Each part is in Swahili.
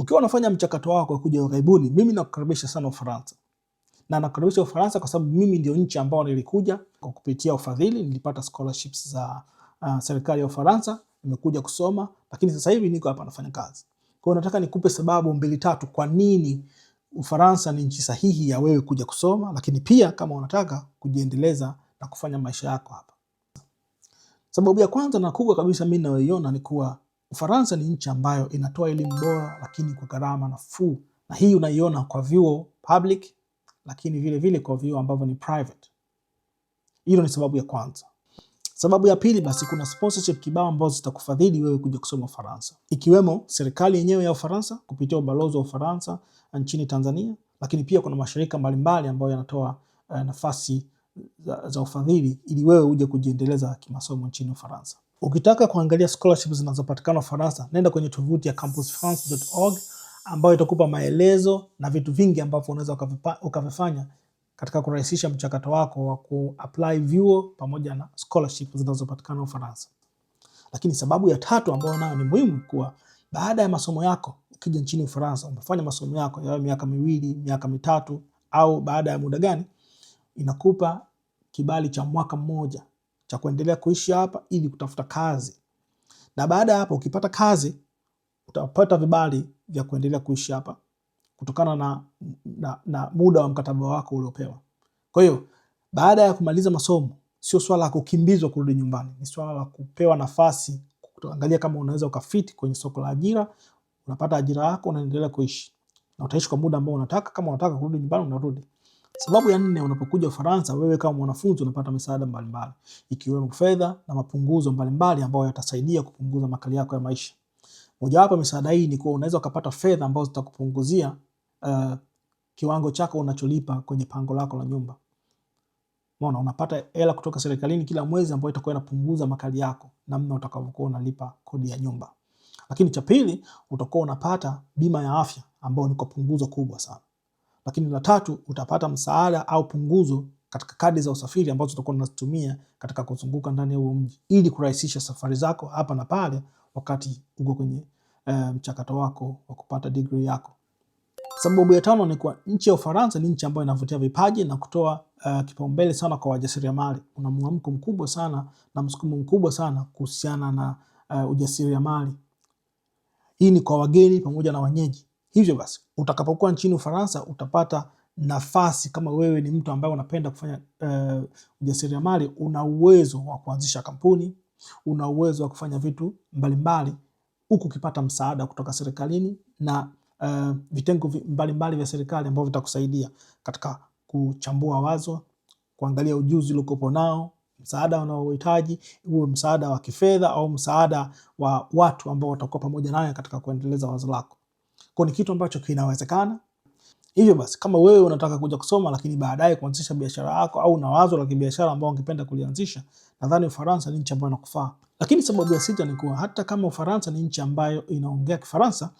Ukiwa unafanya mchakato wako wa kuja ughaibuni, mimi nakukaribisha sana Ufaransa na nakukaribisha Ufaransa kwa sababu mimi ndio nchi ambayo nilikuja kwa kupitia ufadhili. Nilipata scholarships za uh, serikali ya Ufaransa, nimekuja kusoma, lakini sasa hivi niko hapa nafanya kazi. Kwa hiyo nataka nikupe sababu mbili tatu kwa nini Ufaransa ni nchi sahihi ya wewe kuja kusoma, lakini pia kama unataka kujiendeleza na kufanya maisha yako hapa. Sababu ya kwanza na kubwa kabisa mimi ninayoiona ni kuwa Ufaransa ni nchi ambayo inatoa elimu bora lakini kwa gharama nafuu, na hii unaiona kwa vyuo public, lakini vile vile kwa vyuo ambavyo ni private. Hilo ni sababu ya kwanza. Sababu ya pili, basi kuna sponsorship kibao ambazo zitakufadhili wewe kuja kusoma Ufaransa, ikiwemo serikali yenyewe ya Ufaransa kupitia ubalozi wa Ufaransa nchini Tanzania, lakini pia kuna mashirika mbalimbali ambayo yanatoa uh, nafasi za, za ufadhili ili wewe uje kujiendeleza kimasomo nchini Ufaransa. Ukitaka kuangalia scholarships zinazopatikana Ufaransa, nenda kwenye tovuti ya campusfrance.org ambayo itakupa maelezo na vitu vingi ambavyo unaweza ukavifanya katika kurahisisha mchakato wako wa kuapply vyuo pamoja na scholarship zinazopatikana Ufaransa. Lakini sababu ya tatu ambayo nayo ni muhimu kuwa baada ya masomo yako ukija nchini Ufaransa, umefanya masomo yako ya miaka miwili, miaka mitatu au baada ya muda gani, inakupa kibali cha mwaka mmoja cha kuendelea kuishi hapa ili kutafuta kazi, na baada ya hapo ukipata kazi utapata vibali vya kuendelea kuishi hapa kutokana na, na, na muda wa mkataba wako uliopewa. Kwa hiyo baada ya kumaliza masomo sio swala la kukimbizwa kurudi nyumbani, ni swala la kupewa nafasi kutoangalia kama unaweza ukafiti kwenye soko la ajira. Unapata ajira yako, unaendelea kuishi na utaishi kwa muda ambao unataka. Kama unataka kurudi nyumbani, unarudi. Sababu ya nne, unapokuja Ufaransa, wewe kama mwanafunzi unapata misaada mbalimbali ikiwemo fedha na mapunguzo mbalimbali ambayo yatasaidia kupunguza makali yako ya maisha. Mojawapo misaada hii ni kuwa unaweza ukapata fedha ambazo zitakupunguzia uh, kiwango chako unacholipa kwenye pango lako la nyumba. Unaona, unapata hela kutoka serikalini kila mwezi ambayo itakuwa inapunguza makali yako namna utakavyokuwa unalipa kodi ya nyumba. Lakini cha pili, utakuwa unapata bima ya afya ambayo ni kwa punguzo kubwa sana. Lakini la tatu, utapata msaada au punguzo katika kadi za usafiri ambazo utakuwa unazitumia katika kuzunguka ndani ya huo mji ili kurahisisha safari zako hapa na pale wakati uko kwenye eh, mchakato um, wako wa kupata degree yako. Sababu ya tano ni kuwa nchi ya Ufaransa ni nchi ambayo inavutia vipaji na kutoa uh, kipaumbele sana kwa wajasiriamali. Kuna mwamko mkubwa sana na msukumo mkubwa sana kuhusiana na uh, ujasiriamali. Hii ni kwa wageni pamoja na wenyeji. Hivyo basi utakapokuwa nchini Ufaransa utapata nafasi kama wewe ni mtu ambaye unapenda kufanya uh, ujasiriamali, una uwezo wa kuanzisha kampuni, una uwezo wa kufanya vitu mbalimbali huku ukipata msaada kutoka serikalini na uh, vitengo mbalimbali vya serikali ambavyo vitakusaidia katika kuchambua wazo, kuangalia ujuzi uliokuwepo nao, msaada unaohitaji uwe msaada wa kifedha au msaada wa watu ambao watakuwa pamoja naye katika kuendeleza wazo lako kwa ni kitu ambacho kinawezekana. Hivyo basi kama wewe unataka kuja kusoma lakini baadaye kuanzisha biashara yako au una wazo la kibiashara ambao ungependa kulianzisha, nadhani Ufaransa ni nchi ambayo inakufaa. Lakini sababu ya sita ni kuwa hata kama Ufaransa ni nchi ambayo inaongea Kifaransa,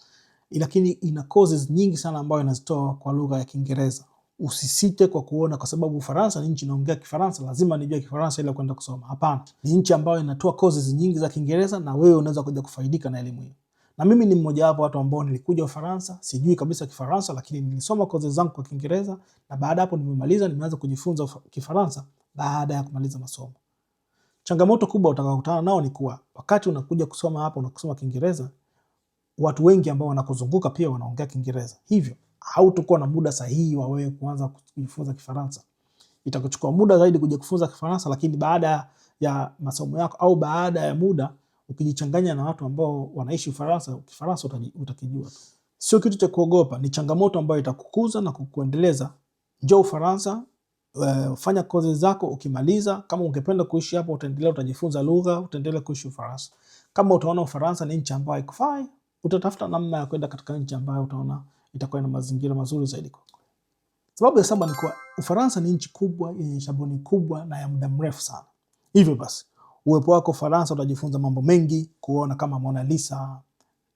lakini ina courses nyingi sana ambayo inazitoa kwa lugha ya Kiingereza. Usisite kwa kuona, kwa sababu Ufaransa ni nchi inaongea Kifaransa, lazima nijue Kifaransa ili kwenda kusoma? Hapana, ni nchi ambayo inatoa courses nyingi za Kiingereza na wewe unaweza kuja kufaidika na elimu hiyo na mimi ni mmoja wapo watu ambao nilikuja Ufaransa, sijui kabisa Kifaransa, lakini nilisoma kozi zangu kwa Kiingereza na baada hapo nimemaliza, nimeanza kujifunza Kifaransa baada ya kumaliza masomo. Changamoto kubwa utakakutana nao ni kuwa wakati unakuja kusoma hapa, unakusoma Kiingereza, watu wengi ambao wanakuzunguka pia wanaongea Kiingereza, hivyo hautokuwa na muda sahihi wa wewe kuanza kujifunza Kifaransa. Itakuchukua muda zaidi kuja kufunza Kifaransa, lakini baada ya masomo yako au baada ya muda ukijichanganya na watu ambao wanaishi Ufaransa, Kifaransa utakijua tu. Sio kitu cha kuogopa, ni changamoto ambayo itakukuza na kukuendeleza. Njoo Ufaransa, uh, fanya kozi zako, ukimaliza, kama ungependa kuishi hapo, utaendelea, utajifunza lugha, utaendelea kuishi Ufaransa. Kama utaona Ufaransa ni nchi ambayo haikufai, utatafuta namna ya kwenda katika nchi ambayo utaona itakuwa na mazingira mazuri zaidi. Sababu ya saba ni kuwa Ufaransa ni nchi kubwa yenye shaboni kubwa na ya muda mrefu sana, hivyo basi Uwepo wako Ufaransa utajifunza mambo mengi, kuona kama Mona Lisa,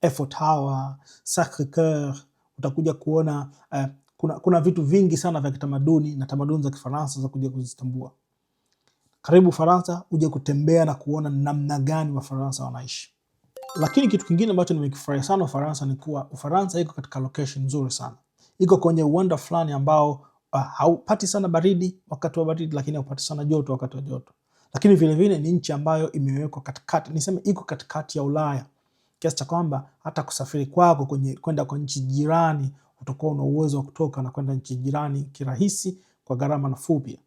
Eiffel Tower, Sacre Coeur. Utakuja kuona eh, kuna, kuna vitu vingi sana vya kitamaduni na tamaduni za Kifaransa za kuja kuzitambua. Karibu Ufaransa, uje kutembea na kuona namna gani Wafaransa wanaishi. Lakini kitu kingine ambacho nimekifurahia sana Ufaransa ni kuwa Ufaransa iko katika location nzuri sana, iko kwenye uwanda fulani ambao uh, haupati sana baridi wakati wa baridi, lakini haupati sana joto wakati wa joto lakini vilevile ni nchi ambayo imewekwa katikati, niseme iko katikati ya Ulaya kiasi cha kwamba hata kusafiri kwako kwenye kwenda kwa nchi jirani utakuwa una uwezo wa kutoka na kwenda nchi jirani kirahisi kwa gharama nafuu pia.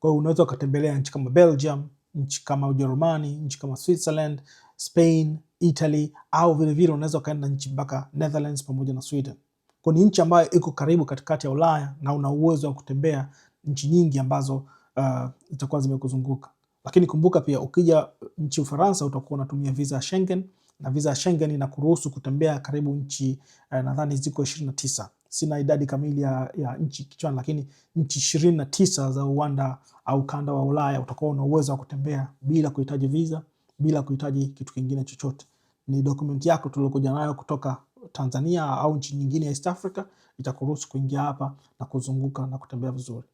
Kwa hiyo unaweza ukatembelea nchi kama Belgium, nchi kama Ujerumani, nchi kama Switzerland, Spain, Italy au vilevile unaweza ukaenda nchi mpaka Netherlands pamoja na Sweden. Kwa ni nchi ambayo iko karibu katikati ya Ulaya na una uwezo wa kutembea nchi nyingi ambazo uh, zitakuwa zimekuzunguka. Lakini kumbuka pia ukija nchi Ufaransa utakuwa unatumia visa ya Schengen na visa ya Schengen inakuruhusu kutembea karibu nchi eh, nadhani ziko 29. Sina idadi kamili ya, ya nchi kichwani, lakini nchi 29 na tisa za uwanda au kanda wa Ulaya utakuwa una uwezo wa kutembea bila kuhitaji visa, bila kuhitaji kitu kingine chochote. Ni dokumenti yako tuliokuja nayo kutoka Tanzania au nchi nyingine ya East Africa itakuruhusu kuingia hapa na kuzunguka na kutembea vizuri.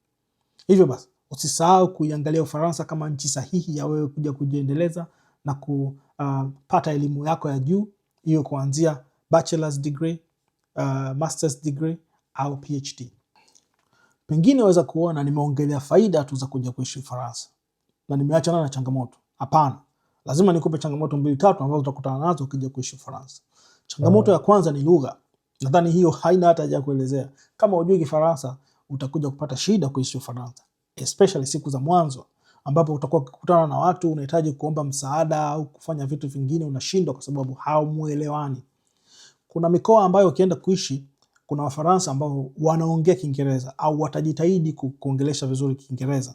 Hivyo basi Usisahau kuiangalia Ufaransa kama nchi sahihi ya wewe kuja kujiendeleza na kupata uh, elimu yako ya juu, hiyo kuanzia bachelor's degree, uh, master's degree au PhD. Pengine waweza kuona nimeongelea faida tu za kuja kuishi Ufaransa na nimeachana na changamoto. Hapana, lazima nikupe changamoto mbili tatu ambazo utakutana nazo ukija kuishi Ufaransa. Changamoto ya kwanza ni lugha. Nadhani hiyo haina hata haja kuelezea. Kama hujui Kifaransa utakuja kupata shida kuishi Ufaransa especially siku za mwanzo ambapo utakuwa ukikutana na watu unahitaji kuomba msaada au kufanya vitu vingine unashindwa kwa sababu haumuelewani. Kuna mikoa ambayo ukienda kuishi kuna Wafaransa ambao wanaongea Kiingereza au watajitahidi kuongelesha vizuri Kiingereza,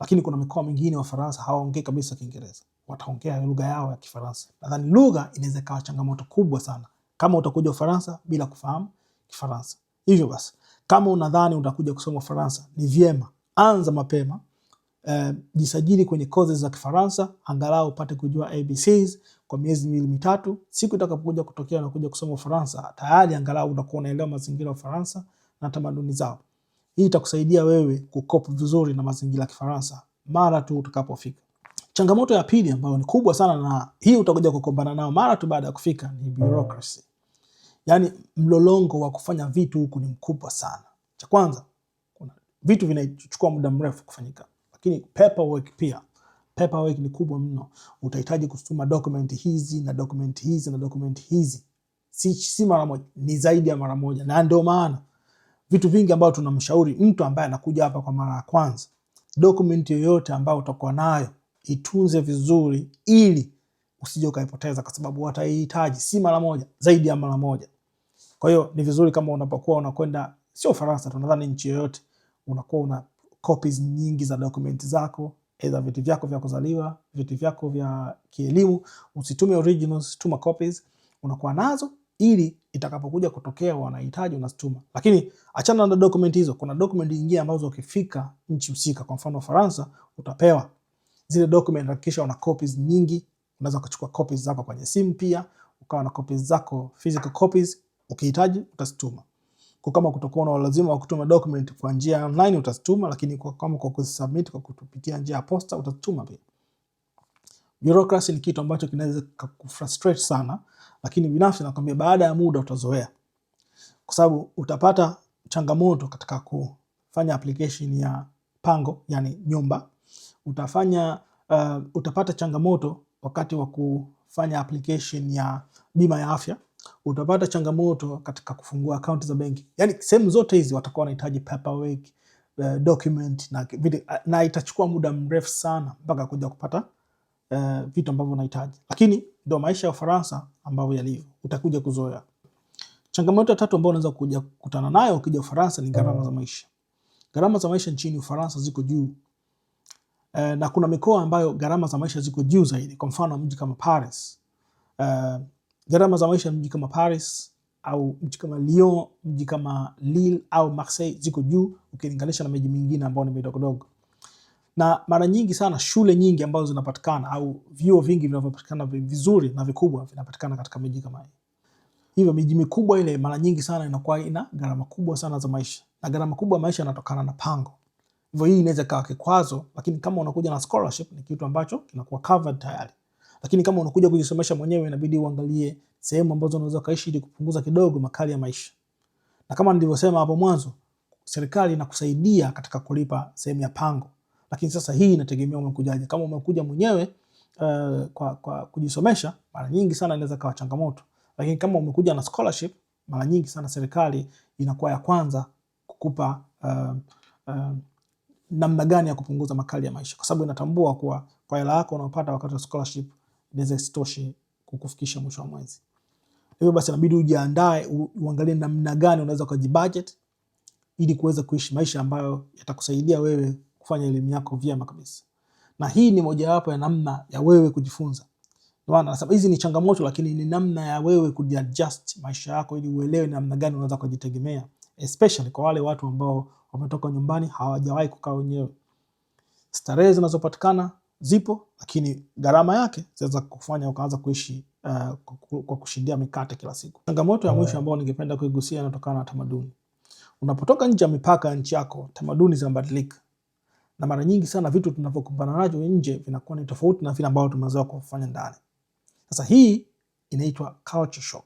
lakini kuna mikoa mingine Wafaransa hawaongei kabisa Kiingereza, wataongea lugha yao ya Kifaransa. Nadhani lugha inaweza ikawa changamoto kubwa sana kama utakuja Ufaransa bila kufahamu Kifaransa. Hivyo basi, kama unadhani utakuja kusoma Ufaransa, ni vyema anza mapema. Uh, jisajili kwenye kozi za Kifaransa angalau upate kujua ABCs kwa miezi miwili mitatu. Siku itakapokuja kutokea na kuja kusoma Ufaransa, tayari angalau utakuwa unaelewa mazingira ya Ufaransa na tamaduni zao. Hii itakusaidia wewe kukop vizuri na mazingira ya Kifaransa mara tu utakapofika. Changamoto ya pili ambayo ni kubwa sana, na hii utakuja kukumbana nao mara tu baada ya kufika, ni bureaucracy, yaani mlolongo wa kufanya vitu huku ni mkubwa sana. Cha kwanza vitu vinachukua muda mrefu kufanyika, lakini paperwork pia paperwork ni kubwa mno. Utahitaji kutuma document hizi na document hizi na document hizi, si, si mara moja, ni zaidi ya mara moja, na ndio maana vitu vingi ambavyo tunamshauri mtu ambaye anakuja hapa kwa mara ya kwanza, document yoyote ambayo utakuwa nayo itunze vizuri, ili usije ukaipoteza, kwa sababu wataihitaji si mara moja, zaidi ya mara moja. Kwa hiyo ni vizuri kama unapokuwa unakwenda, sio Faransa tu, nadhani nchi yoyote unakuwa una copies nyingi za dokumenti zako, aidha vyeti vyako vya kuzaliwa, vyeti vyako vya kielimu. Usitume originals, tuma copies unakuwa nazo, ili itakapokuja kutokea wanahitaji unazituma. Lakini achana na dokumenti hizo, kuna dokumenti nyingine ambazo ukifika nchi husika, kwa mfano faransa utapewa zile document. Hakikisha una copies nyingi, unaweza kuchukua copies zako kwenye simu pia ukawa na copies zako, physical copies, ukihitaji utazituma. Kwa kama kutakuwa na lazima wa kutuma document kwa njia online utatuma, lakini kwa kama kwa kusubmit kwa kutupitia njia ya posta utatuma pia. Bureaucracy ni kitu ambacho kinaweza kukufrustrate sana, lakini binafsi nakwambia baada ya muda utazoea, kwa sababu utapata changamoto katika kufanya application ya pango, yani nyumba. Utafanya uh, utapata changamoto wakati wa kufanya application ya bima ya afya utapata changamoto katika kufungua akaunti za benki. Yani sehemu zote hizi watakuwa wanahitaji paperwork, uh, document na, eh, na itachukua muda mrefu sana mpaka kuja kupata uh, vitu ambavyo unahitaji, lakini ndio maisha ya Ufaransa ambavyo yalivyo, utakuja kuzoea. Changamoto ya tatu ambayo unaweza kuja kukutana nayo ukija Ufaransa ni gharama za maisha. Gharama za maisha nchini Ufaransa ziko juu uh, na kuna mikoa ambayo gharama za maisha ziko juu zaidi, kwa mfano mji kama Paris uh, gharama za maisha mji kama Paris au mji kama Lyon, mji kama Lille au Marseille ziko juu ukilinganisha na miji mingine ambayo ni midogodogo, na mara nyingi sana shule nyingi ambazo zinapatikana au vyuo vingi vinavyopatikana vizuri na vikubwa vinapatikana katika miji kama hii. Hivyo miji mikubwa ile mara nyingi sana inakuwa ina gharama kubwa sana za maisha, na gharama kubwa ya maisha inatokana na pango. Hivyo hii inaweza kawa kikwazo, lakini kama unakuja na scholarship ni kitu ambacho kinakuwa covered tayari lakini kama unakuja kujisomesha mwenyewe inabidi uangalie sehemu ambazo unaweza kaishi ili kupunguza kidogo makali ya maisha. Na kama nilivyosema hapo mwanzo, serikali inakusaidia katika kulipa sehemu ya pango, lakini sasa hii inategemea umekujaje. Kama umekuja mwenyewe uh, kwa, kwa kujisomesha, mara nyingi sana inaweza kawa changamoto, lakini kama umekuja na scholarship, mara nyingi sana serikali inakuwa ya kwanza kukupa uh, uh, namna gani ya kupunguza makali ya maisha, kwa sababu inatambua kuwa kwa hela yako unaopata wakati wa scholarship inaweza isitoshe kukufikisha mwisho wa mwezi. Hivyo basi inabidi ujiandae, uangalie namna gani unaweza ukajibudget ili kuweza kuishi maisha ambayo yatakusaidia wewe kufanya elimu yako vyema kabisa. Na hii ni mojawapo ya namna ya wewe kujifunza. Nasema hizi ni changamoto, lakini ni namna ya wewe kujiadjust maisha yako ili uelewe namna gani unaweza kujitegemea, especially kwa wale watu ambao wametoka nyumbani, hawajawahi kukaa wenyewe. Starehe zinazopatikana zipo, lakini gharama yake zinaweza kufanya ukaanza kuishi uh, kwa kushindia mikate kila siku. Changamoto ya mwisho ambayo ningependa kuigusia inatokana na tamaduni. Unapotoka nje ya mipaka ya nchi yako, tamaduni zinabadilika, na mara nyingi sana vitu tunavyokumbana navyo nje vinakuwa ni tofauti na vile ambavyo tumezoea kufanya ndani. Sasa hii inaitwa culture shock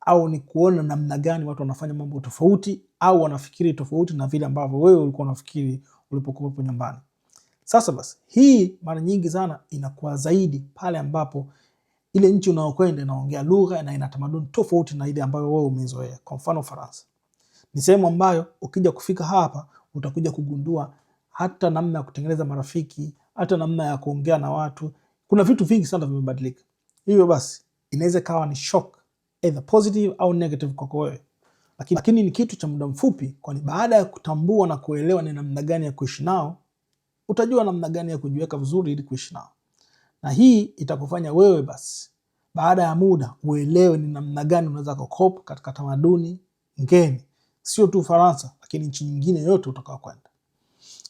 au ni kuona namna gani watu wanafanya mambo tofauti au wanafikiri tofauti na vile ambavyo wewe ulikuwa unafikiri ulipokuwepo nyumbani. Sasa basi, hii mara nyingi sana inakuwa zaidi pale ambapo ile nchi unayokwenda inaongea lugha na ina tamaduni tofauti na ile ambayo wewe umezoea. Kwa mfano, Faransa ni sehemu ambayo ukija kufika hapa utakuja kugundua hata namna ya kutengeneza marafiki, hata namna ya kuongea na watu. Kuna vitu vingi sana vimebadilika. Hivyo basi, inaweza ikawa ni shock either positive au negative kwako wewe, lakini, lakini ni kitu cha muda mfupi, kwani baada ya kutambua na kuelewa ni namna gani ya kuishi nao utajua namna gani ya kujiweka vizuri ili kuishi nao, na hii itakufanya wewe basi baada ya muda uelewe ni namna gani unaweza kukopa katika tamaduni ngeni, sio tu Faransa, lakini nchi nyingine yote utakao kwenda.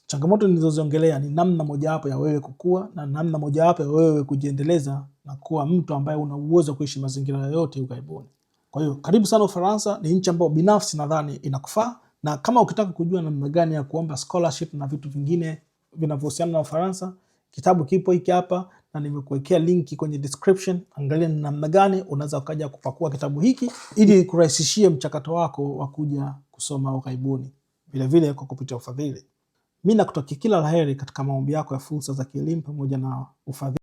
Changamoto nilizoziongelea ni namna mojawapo ya wewe kukua na namna mojawapo ya wewe kujiendeleza na kuwa mtu ambaye una uwezo kuishi mazingira yoyote ughaibuni. Kwa hiyo karibu sana Ufaransa, ni nchi ambayo binafsi nadhani inakufaa, na kama ukitaka kujua namna gani ya kuomba scholarship na vitu vingine vinavyohusiana na Ufaransa. Kitabu kipo hiki hapa na nimekuwekea linki kwenye description. Angalia ni namna gani unaweza ukaja kupakua kitabu hiki ili kurahisishie mchakato wako wa kuja kusoma ughaibuni, vilevile kwa kupitia ufadhili. Mi nakutakia kila laheri katika maombi yako ya fursa za kielimu pamoja na ufadhili.